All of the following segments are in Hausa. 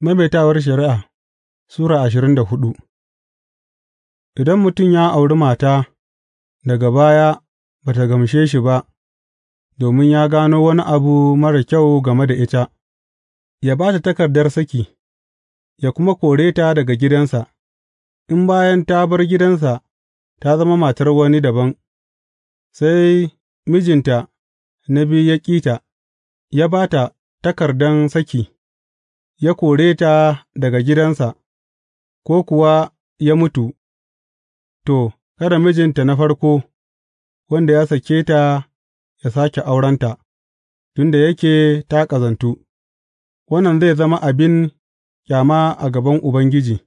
Maimaitawar Shari'a Sura ashirin da hudu Idan mutum ya auri mata, daga baya ba ta gamshe shi ba, domin ya gano wani abu mara kyau game da ita, ya ba ta takardar saki, ya kuma kore ta daga gidansa, in bayan ta bar gidansa ta zama matar wani daban, sai mijinta na biyu ya ƙi ta, ya ba ta takardan saki. ya kore ta daga gidansa, ko kuwa ya mutu, to, kada mijinta na farko, wanda ya sake ta ya sake aurenta, tun da yake ta ƙazantu, wannan zai zama abin kyama a gaban Ubangiji,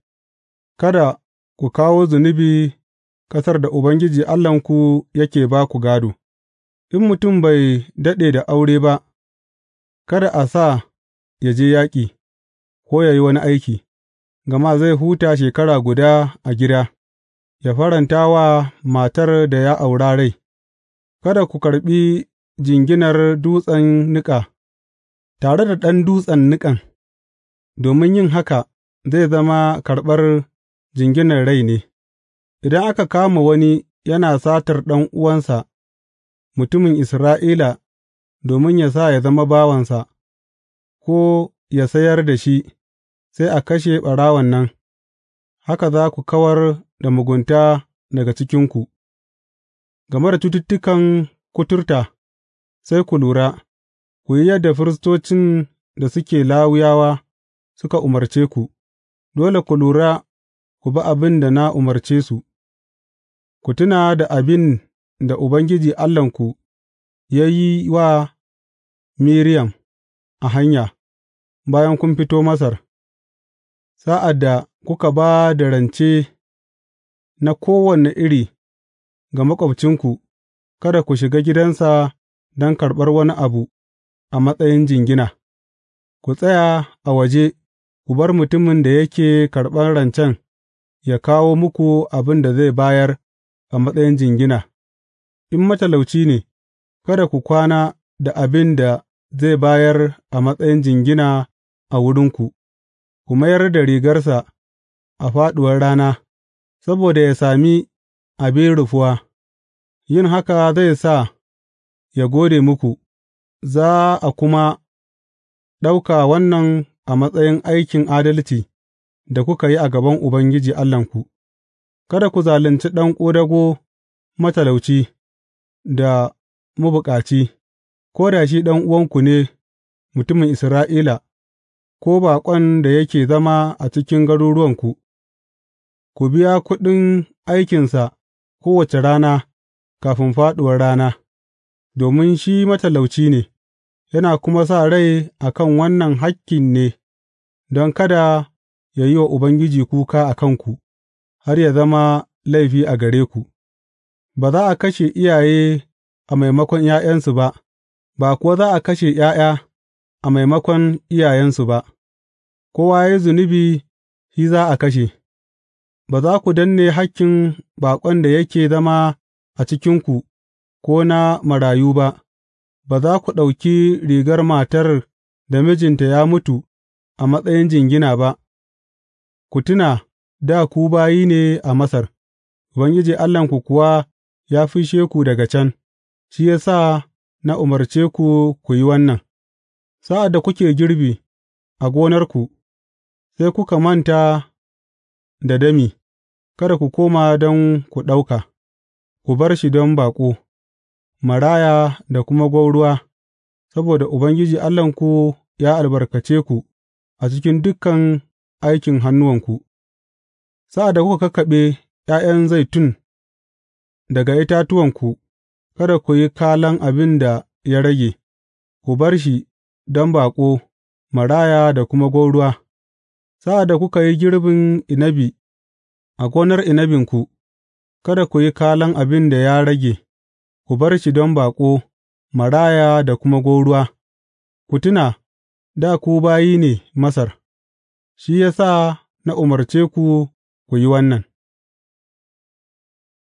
kada ku kawo zunubi ƙasar da Ubangiji Allahnku yake ba ku gado. in mutum bai daɗe da aure ba, kada a sa ya je yaƙi. ko yă yi wani aiki, gama zai huta shekara guda a gida, Ya faranta wa matar da ya aura rai, kada ku karɓi jinginar dutsen niƙa, tare da ɗan dutsen niƙan, domin yin haka zai zama karɓar jinginar rai ne, idan aka kama wani yana satar uwansa mutumin Isra'ila, domin ya sa ya zama bawansa, ko ya sayar da shi. sai a kashe ɓarawon nan, haka za ku kawar da mugunta daga cikinku, game da cututtukan kuturta, sai ku lura, ku yi yadda firistocin da suke lawuyawa suka umarce ku, dole ku lura ku bi abin da na umarce su, ku tuna da abin da Ubangiji Allahnku ya yi wa Miriyam a hanya, bayan kun fito Masar. Sa'ad da kuka ba da rance na kowane iri ga maƙwabcinku, kada ku shiga gidansa don karɓar wani abu a matsayin jingina; ku tsaya a waje ku bar mutumin da yake karɓar rancen ya kawo muku abin da zai bayar a matsayin jingina, in matalauci ne, kada ku kwana da abin da zai bayar a matsayin jingina a wurinku. ku mayar da rigarsa a fāɗuwar rana, saboda ya sami abin rufuwa, yin haka zai sa ya gode muku, za a kuma ɗauka wannan a matsayin aikin adalci da kuka yi a gaban Ubangiji Allahnku. Kada ku zalunci ɗan ƙodago matalauci da mabuƙaci, ko da shi ɗan uwanku ne mutumin Isra'ila. ko baƙon da yake zama a cikin garuruwanku, ku biya kuɗin aikinsa kowace rana kafin fāɗuwar rana, domin shi matalauci ne, yana kuma sa rai a kan wannan hakkin ne, don kada ya yi wa Ubangiji kuka a kanku, har ya zama laifi a gare ku. Ba za a kashe iyaye a maimakon ’ya'yansu ba, ba kuwa za a kashe ’ya'ya. a maimakon iyayensu ba, kowa ya yi zunubi shi za a kashe, ba za ku danne hakkin baƙon da yake zama a cikinku ko na marayu ba, ba za ku ɗauki rigar matar da mijinta ya mutu a matsayin jingina ba, ku tuna da ku bayi ne a Masar, Ubangiji Allahnku kuwa ya fi ku daga can, shi ya sa na umarce ku ku yi wannan. Sa'ad da kuke girbi a gonarku, sai kuka manta da dami, kada ku koma don ku ɗauka, ku bar shi don baƙo, maraya da kuma gwauruwa, saboda Ubangiji Allahnku ya albarkace ku a cikin dukan aikin hannuwanku, sa'ad da kuka kakkaɓe ’ya'yan zaitun daga itatuwanku, kada ku yi kalan abin da ya rage, ku bar shi. don baƙo, maraya da kuma gwauruwa, sa'ad da kuka yi girbin inabi a gonar inabinku, kada ku yi kalan abin da ya rage, ku bar shi don baƙo, maraya da kuma gwauruwa, ku tuna, da ku bayi ne Masar, shi ya sa na umarce ku ku yi wannan.